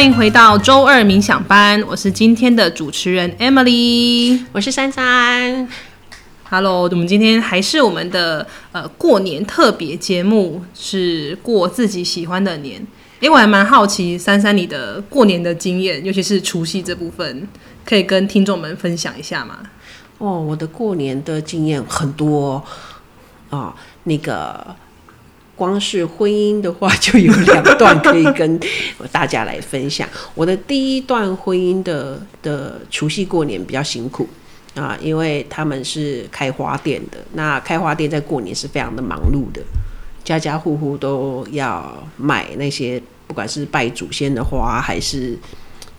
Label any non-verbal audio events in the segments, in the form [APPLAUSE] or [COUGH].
歡迎回到周二冥想班，我是今天的主持人 Emily，我是珊珊。Hello，我們今天還是我們的呃過年特別節目，是過自己喜歡的年。因為、欸、我還蠻好奇珊珊你的過年的經驗，尤其是除夕這部分，可以跟聽眾們分享一下嗎？哦，我的過年的經驗很多啊、哦，那個。光是婚姻的話，就有兩段可以跟大家來分享。 [LAUGHS] 我的第一段婚姻的的除夕過年比較辛苦啊，因為他們是開花店的，那開花店在過年是非常的忙碌的，家家戶戶都要買那些不管是拜祖先的花，還是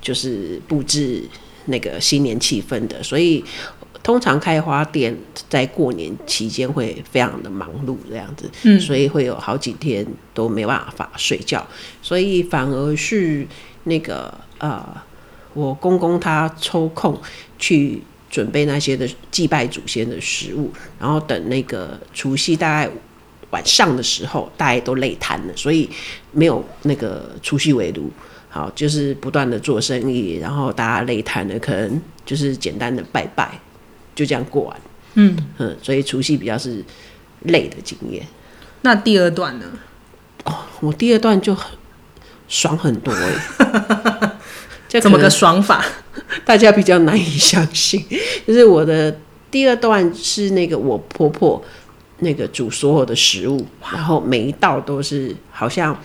就是布置那個新年氣氛的，所以我通常開花店在過年期間會非常的忙碌這樣子，嗯，所以會有好幾天都沒辦法睡覺，所以反而是那個呃，我公公他抽空去準備那些的祭拜祖先的食物，然後等那個除夕大概晚上的時候，大家都累癱了，所以沒有那個除夕圍爐，好，就是不斷的做生意，然後大家累癱了，可能就是簡單的拜拜。就這樣過完，嗯，所以除夕比較是累的經驗。那第二段呢？哦，我第二段就很爽很多哎，欸，這怎麼個爽法？大家比較難以相信。 [LAUGHS] 就是我的第二段是那個我婆婆那個煮所有的食物，然後每一道都是好像。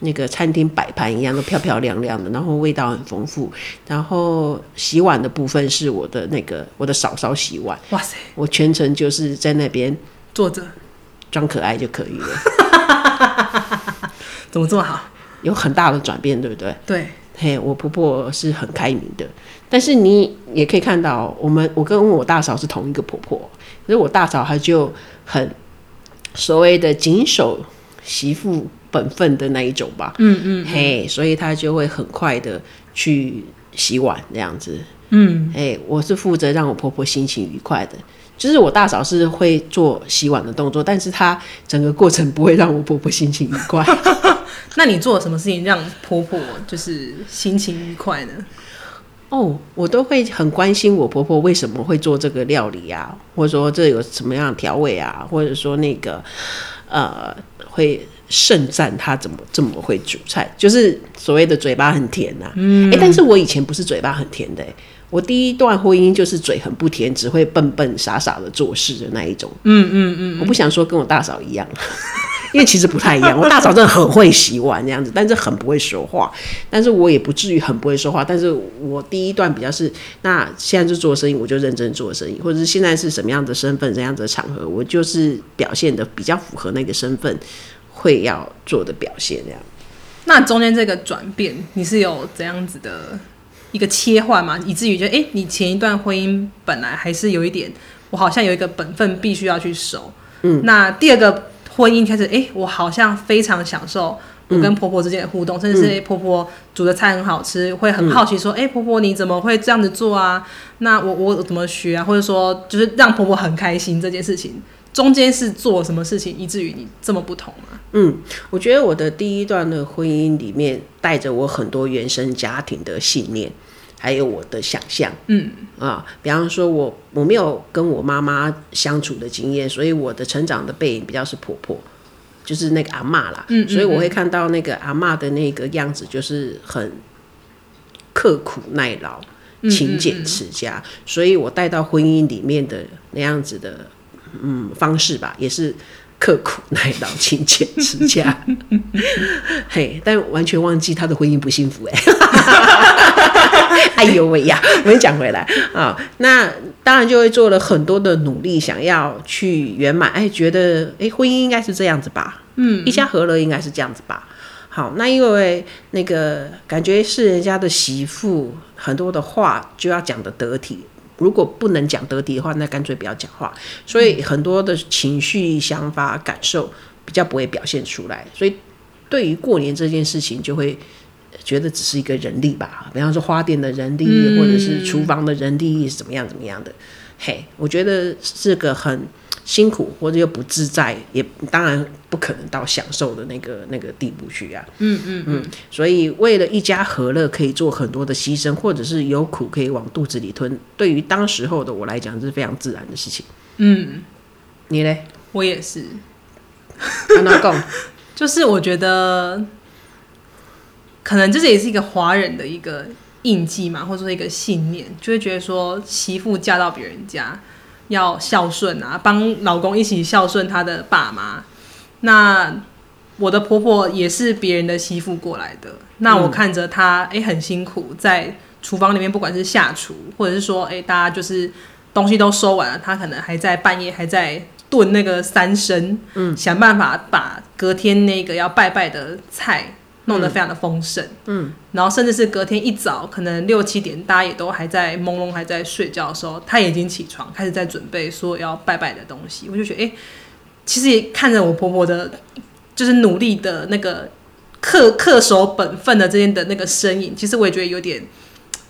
那個餐廳擺盤一樣都漂漂亮亮的，然後味道很豐富。然後洗碗的部分是我的那個我的嫂嫂洗碗。哇塞！我全程就是在那邊坐着裝可愛就可以了。 [LAUGHS] [LAUGHS] 怎麼做好？有很大的轉變，對不對？對。嘿，我婆婆是很開明的，但是你也可以看到，我們我跟我大嫂是同一個婆婆，所以我大嫂她就很所謂的謹守媳婦本分的那一種吧，嗯嗯，嗯，嘿、hey，所以他就會很快的去洗碗這樣子，嗯，哎、hey，我是負責讓我婆婆心情愉快的，就是我大嫂是會做洗碗的動作，但是她整個過程不會讓我婆婆心情愉快。 [LAUGHS] 那你做什麼事情讓婆婆就是心情愉快呢？ [LAUGHS] 哦，我都會很關心我婆婆為什麼會做這個料理啊，或者說這有什麼樣調味啊，或者說那個呃會。盛讚他怎麼這麼會煮菜，就是所謂的嘴巴很甜吶、啊。嗯，哎，但是我以前不是嘴巴很甜的、欸。我第一段婚姻就是嘴很不甜，只會笨笨傻傻的做事的那一種。嗯嗯嗯，我不想說跟我大嫂一樣， [LAUGHS] 因為其實不太一樣。我大嫂真的很會洗碗這樣子，但是很不會說話。 [LAUGHS] 但是我也不至於很不會說話。但是我第一段比較是，那現在就做生意，我就認真做生意，或者是現在是什麼樣的身份，什麼樣的場合，我就是表現得比較符合那個身份。會要做的表現這樣，那中間這個轉變你是有怎樣子的一個切換嗎？以至於覺得哎，你前一段婚姻本來還是有一點，我好像有一個本分必須要去守。嗯，那第二個婚姻開始，哎、欸，我好像非常享受我跟婆婆之間的互動，嗯、甚至是、嗯、婆婆煮的菜很好吃，會很好奇說，哎、嗯欸，婆婆你怎麼會這樣子做啊？那我我怎麼學啊？或者說就是讓婆婆很開心這件事情。中間是做什麼事情，以至於你這麼不同嗎？嗯，我覺得我的第一段的婚姻裡面帶着我很多原生家庭的信念，還有我的想象。嗯啊，比方說我我沒有跟我媽媽相處的經驗，所以我的成長的背影比較是婆婆，就是那個阿嬤啦嗯嗯嗯。所以我會看到那個阿嬤的那個樣子，就是很刻苦耐勞、嗯嗯嗯、勤儉持家，所以我帶到婚姻裡面的那樣子的。嗯，方式吧，也是刻苦耐勞、勤儉持家。嘿，但完全忘記他的婚姻不幸福、欸。哎 [LAUGHS] [LAUGHS] [LAUGHS] 哎呦喂呀！ [LAUGHS] 我再講回來啊、哦，那當然就會做了很多的努力，想要去圓滿。哎，覺得哎，婚姻應該是這樣子吧？嗯，一家和樂應該是這樣子吧？好，那因為那個感覺是人家的媳婦，很多的話就要講得得，得體。如果不能講得體的話，那乾脆不要講話。所以很多的情緒、想法、感受比較不會表現出來。所以對於過年這件事情，就會覺得只是一個人力吧。比方說花店的人力，或者是廚房的人力，是怎麼樣、怎麼樣的。嘿，hey，我覺得是個很。辛苦或者又不自在，也當然不可能到享受的那個那個地步去啊。嗯嗯嗯，所以為了一家和樂，可以做很多的犧牲，或者是有苦可以往肚子裡吞。對於當時候的我來講，這是非常自然的事情。嗯，你呢？我也是。跟多講， [LAUGHS] 就是我覺得，可能就是也是一個華人的一個印記嘛，或者說一個信念，就會覺得說媳婦嫁到別人家。要孝順啊，幫老公一起孝順他的爸媽。那我的婆婆也是別人的媳婦過來的。那我看着她，哎、嗯、欸，很辛苦，在廚房裡面，不管是下廚，或者是說，哎、欸，大家就是東西都收完了，她可能還在半夜還在燉那個三牲，嗯，想辦法把隔天那個要拜拜的菜。弄得非常的豐盛，嗯，嗯，然後甚至是隔天一早，可能六七點，大家也都還在朦朧、還在睡覺的時候，他也已經起床，開始在準備說要拜拜的東西。我就覺得，哎，其實也看着我婆婆的，就是努力的那個恪恪守本分的這邊的那個身影，其實我也覺得有點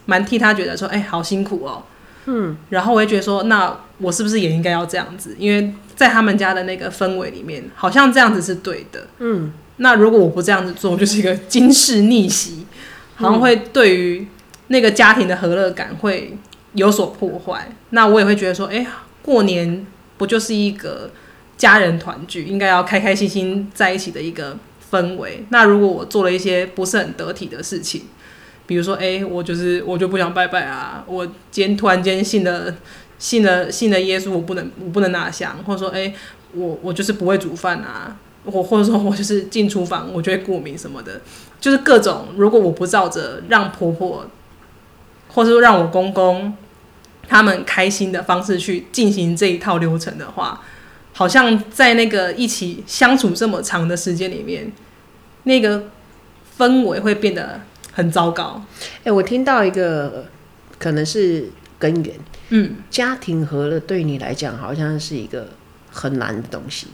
蠻替他覺得說，哎，好辛苦哦，嗯。然後我也覺得說，那我是不是也應該要這樣子？因為在他們家的那個氛圍裡面，好像這樣子是對的，嗯。那如果我不這樣子做，就是一個驚世逆媳，然後會對於那個家庭的和樂感會有所破壞。那我也會覺得說，哎、欸，過年不就是一個家人團聚，應該要開開心心在一起的一個氛圍。那如果我做了一些不是很得體的事情，比如說，哎、欸，我就是我就不想拜拜啊，我今天突然間信了信了信了耶穌，我不能我不能拿香，或者說，哎、欸，我我就是不會煮飯啊。我或者說我就是進廚房，我就會過敏什麼的，就是各種。如果我不照着讓婆婆，或者說讓我公公他們開心的方式去進行這一套流程的話，好像在那個一起相處這麼長的時間裡面，那個氛圍會變得很糟糕。哎、欸，我聽到一個可能是根源，嗯，家庭和樂對你來講好像是一個很難的東西。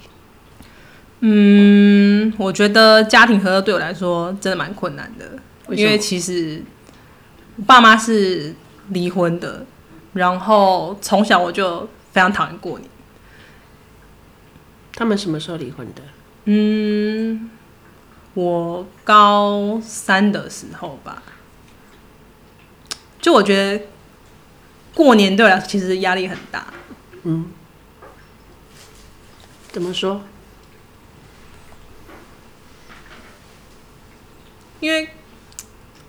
嗯，我覺得家庭和樂對我來說真的蠻困難的，因為其實我爸媽是離婚的，然後從小我就非常討厭過年。他們什麼時候離婚的？嗯，我高三的時候吧。就我覺得過年對我來說其實壓力很大。嗯，怎麼說？因為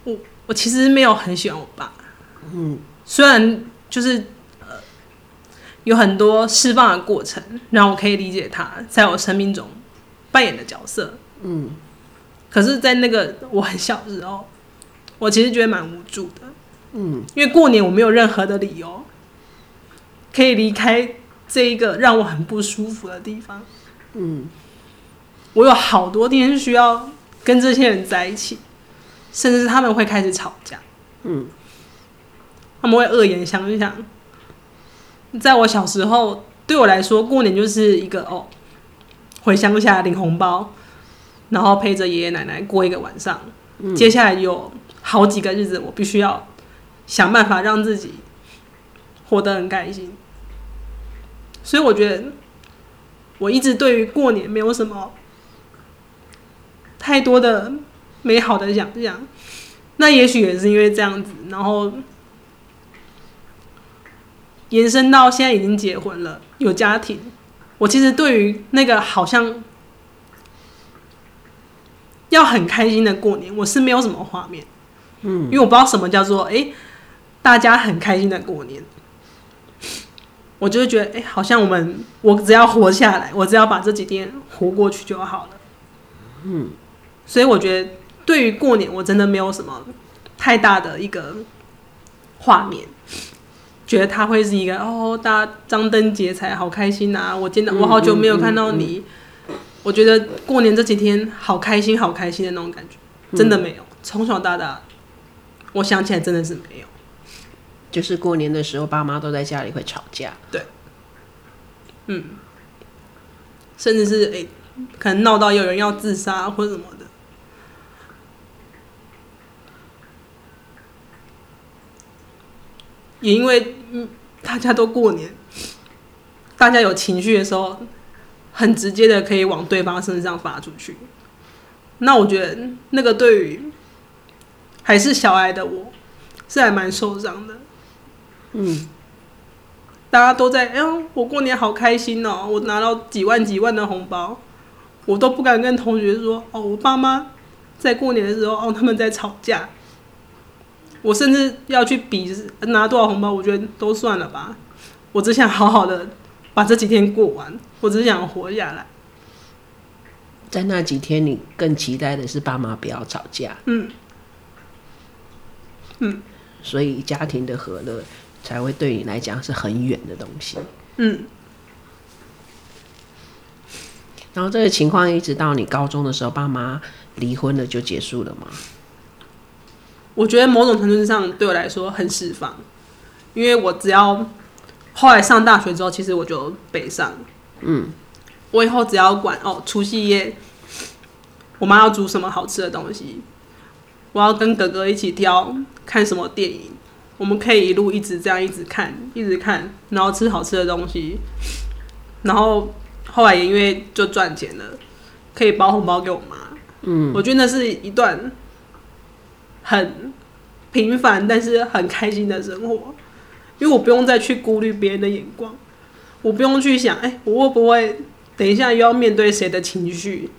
我，我我其實沒有很喜歡我爸。嗯。雖然就是呃有很多釋放的過程，然後我可以理解他在我生命中扮演的角色。嗯。可是，在那個我很小的時候，我其實覺得蠻無助的。嗯。因為過年我沒有任何的理由可以離開這一個讓我很不舒服的地方。嗯。我有好多天是需要。跟這些人在一起，甚至他們會開始吵架，嗯，他們會惡言相向。在我小時候，對我來說，過年就是一個哦，回鄉下領紅包，然後陪着爺爺奶奶過一個晚上。嗯。接下來有好幾個日子，我必須要想辦法讓自己活得很開心。所以，我覺得我一直對於過年沒有什麼。太多的美好的想象，那也許也是因為這樣子，然後延伸到現在已經結婚了，有家庭。我其實對於那個好像要很開心的過年，我是沒有什麼畫面。嗯，因為我不知道什麼叫做欸，大家很開心的過年，我就是覺得欸，好像我們我只要活下來，我只要把這幾天活過去就好了。嗯。所以我覺得，對於過年，我真的沒有什麼太大的一個畫面，覺得他會是一個哦，大家張燈結綵，好開心吶、啊！我見到、嗯，我好久沒有看到你、嗯嗯，我覺得過年這幾天好開心，好開心的那種感覺，真的沒有，從小到大，我想起來真的是沒有。就是過年的時候，爸媽都在家裡會吵架，對，嗯，甚至是誒、欸，可能鬧到有人要自殺或者什麼。也因為，嗯，大家都過年，大家有情緒的時候，很直接的可以往對方身上發出去。那我覺得那個對於還是小愛的我，是還蠻受傷的。嗯，大家都在，哎呦，我過年好開心哦，我拿到幾萬幾萬的紅包，我都不敢跟同學說哦，我爸媽在過年的時候哦，他們在吵架。我甚至要去比拿多少紅包，我覺得都算了吧。我只想好好的把這幾天過完，我只想活下來。在那幾天，你更期待的是爸媽不要吵架。嗯嗯，所以家庭的和樂才會對你來講是很遠的東西。嗯。然後這個情況一直到你高中的時候，爸媽離婚了就結束了嗎？我覺得某種程度上對我來說很釋放，因為我只要後來上大學之後，其實我就北上。嗯，我以後只要管哦，除夕夜我媽要煮什麼好吃的東西，我要跟哥哥一起挑看什麼電影，我們可以一路一直這樣一直看一直看，然後吃好吃的東西，然後後來也因為就賺錢了，可以包紅包給我媽。嗯，我覺得那是一段。很平凡，但是很開心的生活，因為我不用再去顧慮別人的眼光，我不用去想，哎，我會不會等一下又要面對誰的情緒？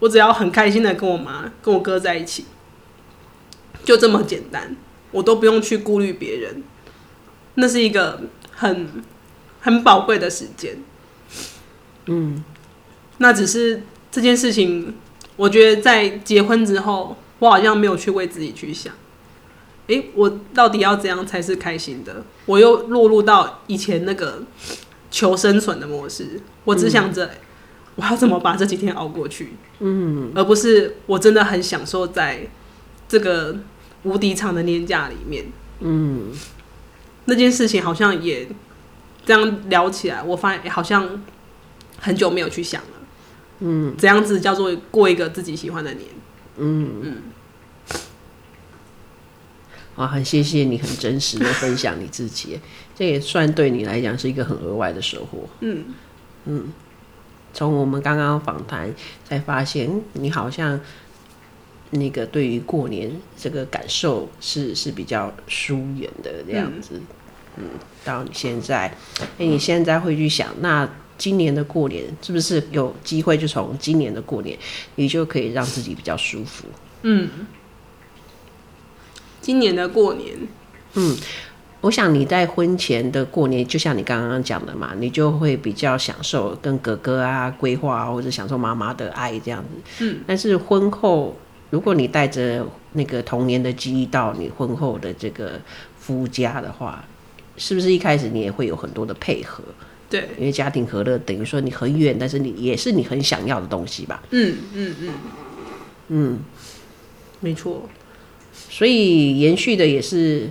我只要很開心的跟我媽、跟我哥在一起，就這麼簡單，我都不用去顧慮別人。那是一個很很寶貴的時間。嗯，那只是這件事情，我覺得在結婚之後。我好像沒有去為自己去想，誒、欸,我到底要怎樣才是開心的？我又落入到以前那個求生存的模式，我只想着、嗯、我要怎麼把這幾天熬過去，嗯，而不是我真的很享受在這個無敵長的年假裡面，嗯，那件事情好像也這樣聊起來，我發現好像很久沒有去想了，嗯，怎樣子叫做過一個自己喜歡的年？嗯嗯，哇，很謝謝你，很真實的分享你自己， [LAUGHS] 這也算對你來講是一個很額外的收穫。嗯嗯，從我們剛剛訪談才發現，你好像那個對於過年這個感受是是比較疏遠的這樣子嗯。嗯，到你現在，誒、欸，你現在會去想、嗯、那？今年的過年是不是有機會？就從今年的過年，你就可以讓自己比較舒服。嗯，今年的過年，嗯，我想你在婚前的過年，就像你剛剛講的嘛，你就會比較享受跟哥哥啊規劃啊，或者享受媽媽的愛這樣子。嗯，但是婚後，如果你帶着那個童年的記憶到你婚後的這個夫家的話，是不是一開始你也會有很多的配合？對，因為家庭和樂等於說你很遠，但是你也是你很想要的東西吧？嗯嗯嗯嗯，沒錯。所以延續的也是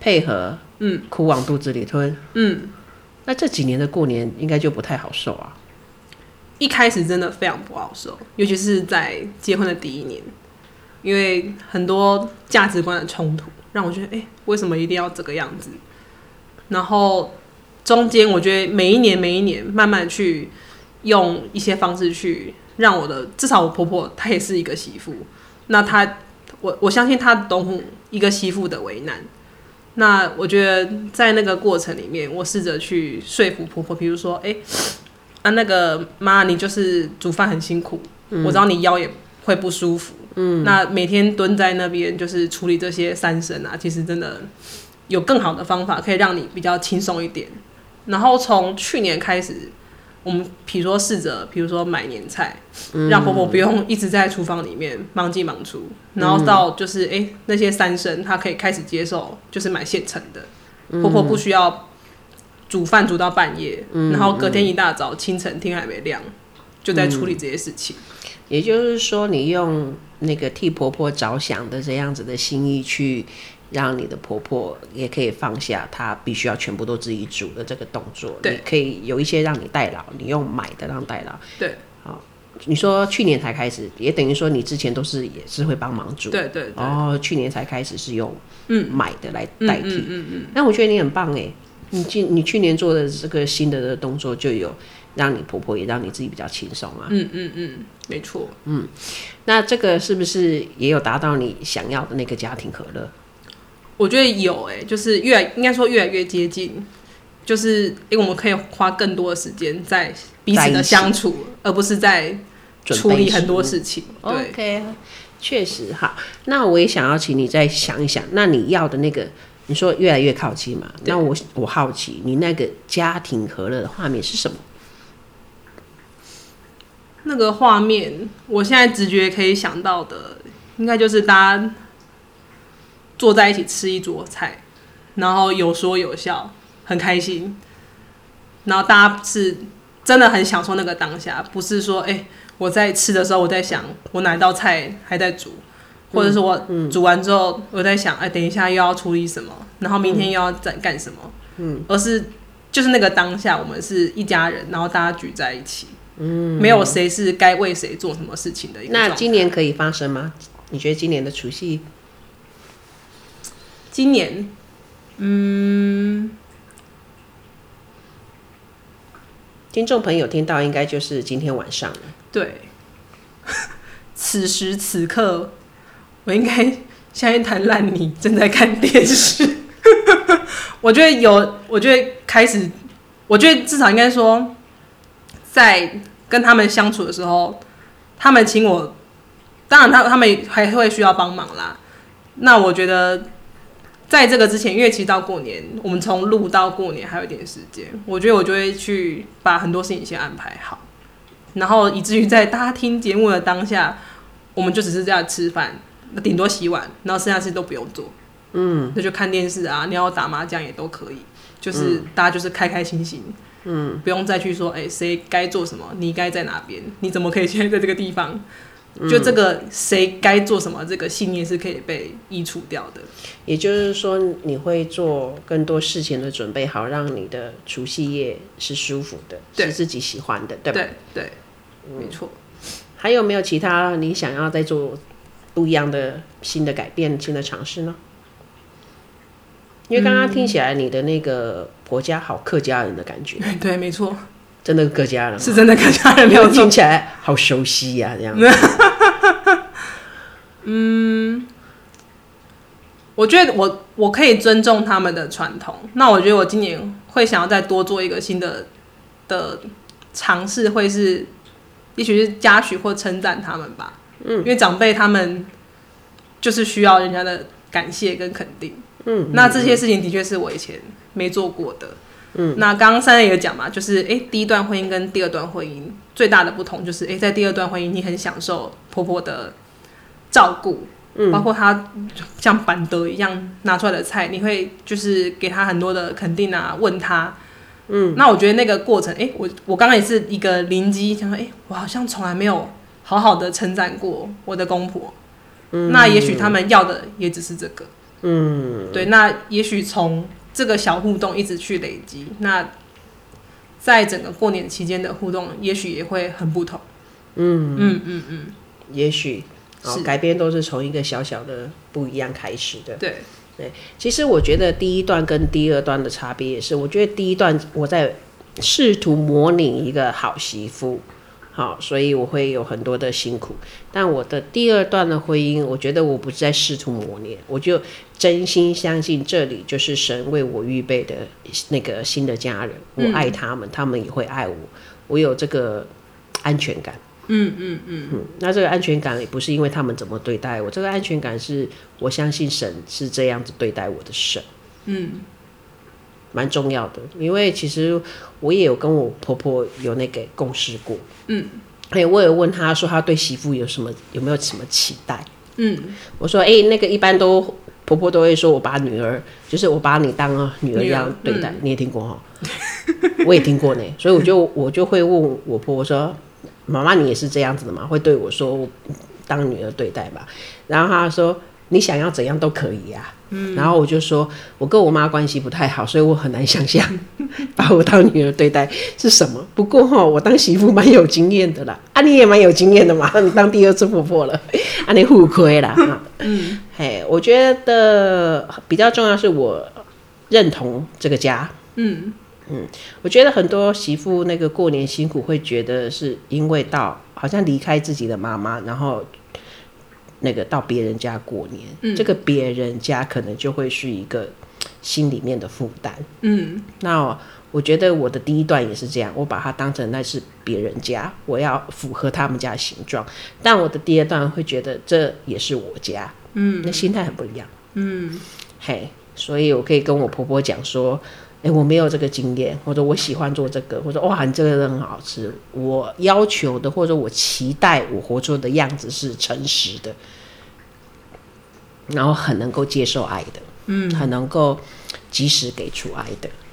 配合，嗯，苦往肚子裡吞，嗯。那這幾年的過年應該就不太好受啊。一開始真的非常不好受，尤其是在結婚的第一年，因為很多價值觀的衝突，讓我覺得哎、欸，為什麼一定要這個樣子？然後。中間，我覺得每一年每一年，慢慢去用一些方式去讓我的，至少我婆婆她也是一個媳婦，那她我我相信她懂一個媳婦的為難。那我覺得在那個過程裡面，我試着去說服婆婆，比如說，哎、欸，啊那個媽，你就是煮飯很辛苦，我知道你腰也會不舒服，嗯，那每天蹲在那邊就是處理這些三牲啊，其實真的有更好的方法可以讓你比較輕鬆一點。然後從去年開始，我們譬如說試着，譬如說買年菜，嗯、讓婆婆不用一直在廚房裡面忙進忙出，然後到就是哎、嗯、那些三牲，她可以開始接受，就是買現成的、嗯，婆婆不需要煮飯煮到半夜，嗯、然後隔天一大早清晨天還沒亮、嗯、就在處理這些事情。也就是說，你用那個替婆婆着想的這樣子的心意去。讓你的婆婆也可以放下，她必須要全部都自己煮的這個動作，對，你可以有一些讓你代勞，你用買的讓代勞，對，好、哦，你說去年才開始，也等於說你之前都是也是會幫忙煮，對，對對，哦，去年才開始是用嗯買的來代替，嗯嗯那、嗯嗯嗯、我覺得你很棒誒。你去你去年做的這個新的這個動作，就有讓你婆婆也讓你自己比較輕鬆啊，嗯嗯嗯，沒錯，嗯，那這個是不是也有達到你想要的那個家庭和樂？我覺得有哎、欸，就是越來，應該說越來越接近，就是因為我們可以花更多的時間在彼此的相處，而不是在處理很多事情。OK，確實哈。那我也想要請你再想一想，那你要的那個你說越來越靠近嘛？那我我好奇你那個家庭和樂的畫面是什麼？那個畫面，我現在直覺可以想到的，應該就是大家。坐在一起吃一桌菜，然後有說有笑，很開心。然後大家是真的很享受那個當下，不是說哎、欸、我在吃的時候我在想我哪道菜還在煮，或者是我煮完之後我在想哎、嗯嗯欸、等一下又要處理什麼，然後明天又要再幹什麼。嗯，嗯而是就是那個當下，我們是一家人，然後大家聚在一起，嗯，沒有誰是該為誰做什麼事情的。那今年可以發生嗎？你覺得今年的除夕？今年，嗯，聽眾朋友聽到應該就是今天晚上了。對，此時此刻，我應該像一灘爛泥，正在看電視。 [LAUGHS] [LAUGHS] 我覺得有，我覺得開始，我覺得至少應該說，在跟他們相處的時候，他們請我，當然他他們還會需要幫忙啦。那我覺得。在這個之前，因為其實到過年，我們從錄到過年還有一點時間，我覺得我就會去把很多事情先安排好，然後以至於在大家聽節目的當下，我們就只是這樣吃飯，那頂多洗碗，然後剩下事都不用做，嗯，那就看電視啊，你要打麻將也都可以，就是、嗯、大家就是開開心心，嗯，不用再去說，哎、欸，誰該做什麼，你該在哪邊，你怎麼可以現在在這個地方？就這個誰該做什麼，這個信念是可以被移除掉的。嗯、也就是說，你會做更多事前的準備好，讓你的除夕夜是舒服的，是自己喜歡的，對不對？對，沒錯、嗯。還有沒有其他你想要再做不一樣的新的改變、新的嘗試呢？因為剛剛聽起來你的那個婆家好客家人的感覺，嗯、對，沒錯。真的各家人，是真的各家人，沒有聽起來好熟悉呀、啊，這樣。 [LAUGHS] 嗯，我覺得我我可以尊重他們的傳統。那我覺得我今年會想要再多做一個新的的嘗試，會是也許是嘉許或稱讚他們吧。嗯，因為長輩他們就是需要人家的感謝跟肯定。嗯，那這些事情的確是我以前沒做過的。嗯、那剛剛三位也講嘛，就是、欸、第一段婚姻跟第二段婚姻最大的不同就是、欸、在第二段婚姻，你很享受婆婆的照顧，嗯，包括她像板德一樣拿出來的菜，你會就是給她很多的肯定啊，問她，嗯，那我覺得那個過程，欸、我我剛剛也是一個鄰居，想說，欸、我好像從來沒有好好的稱讚過我的公婆，嗯、那也許他們要的也只是這個，嗯，對，那也許從。這個小互動一直去累積，那在整個過年期間的互動，也許也會很不同。嗯嗯嗯嗯，也許、喔、改變都是從一個小小的不一樣開始的。對對，其實我覺得第一段跟第二段的差別也是，我覺得第一段我在試圖模擬一個好媳婦，好、喔，所以我會有很多的辛苦。但我的第二段的婚姻，我覺得我不再試圖模擬，我就。真心相信這裡就是神為我預備的那個新的家人，我愛他們、嗯，他們也會愛我，我有這個安全感。嗯嗯嗯，嗯。那這個安全感也不是因為他們怎麼對待我，這個安全感是我相信神是這樣子對待我的神。嗯，蠻重要的，因為其實我也有跟我婆婆有那個共識過。嗯，還、欸、有我也問她說，她對媳婦有什麼有沒有什麼期待？嗯，我說哎、欸，那個一般都。婆婆都會說：“我把女兒，就是我把你當女兒一樣對待。嗯”你也聽過哈，我也聽過呢。所以我就我就會問我婆婆說：“媽、嗯、媽，媽媽你也是這樣子的嗎？”會對我說：“當女兒對待吧。”然後她說：“你想要怎樣都可以呀、啊。”嗯。然後我就說：“我跟我媽關係不太好，所以我很難想象把我當女兒對待是什麼。”不過哈，我當媳婦蠻有經驗的啦。啊，你也蠻有經驗的嘛，你當第二次婆婆了，啊你互虧了嗯。Hey, 我覺得比較重要是我認同這個家。嗯嗯，我覺得很多媳婦那個過年辛苦，會覺得是因為到好像離開自己的媽媽，然後那個到別人家過年，嗯、這個別人家可能就會是一個心裡面的負擔。嗯，那我。我覺得我的第一段也是這樣，我把它當成那是別人家，我要符合他們家的形狀。但我的第二段會覺得這也是我家，嗯，那心態很不一樣，嗯，嘿，所以我可以跟我婆婆講說，哎，我沒有這個經驗，或者我喜歡做這個，或者說哇，你這個很好吃。我要求的或者我期待我活出的樣子是誠實的，然後很能夠接受愛的，嗯，很能夠及時給出愛的。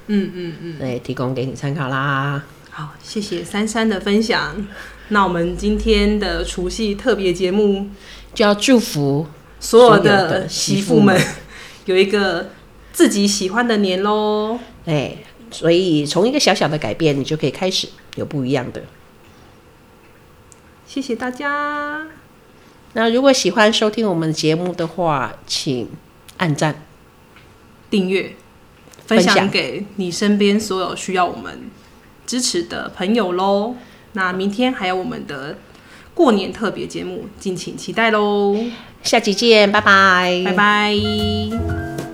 嗯嗯嗯，哎、嗯嗯，提供給你參考啦。好，謝謝三三的分享。那我們今天的除夕特別節目，就要祝福所有的媳婦們有一個自己喜歡的年嘍。哎，所以從一個小小的改變，你就可以開始有不一樣的。謝謝大家。那如果喜歡收聽我們的節目的話，請按讚、訂閱。分享,分享給你身邊所有需要我們支持的朋友咯那明天還有我們的過年特別節目，敬請期待咯下集見，拜拜，拜拜。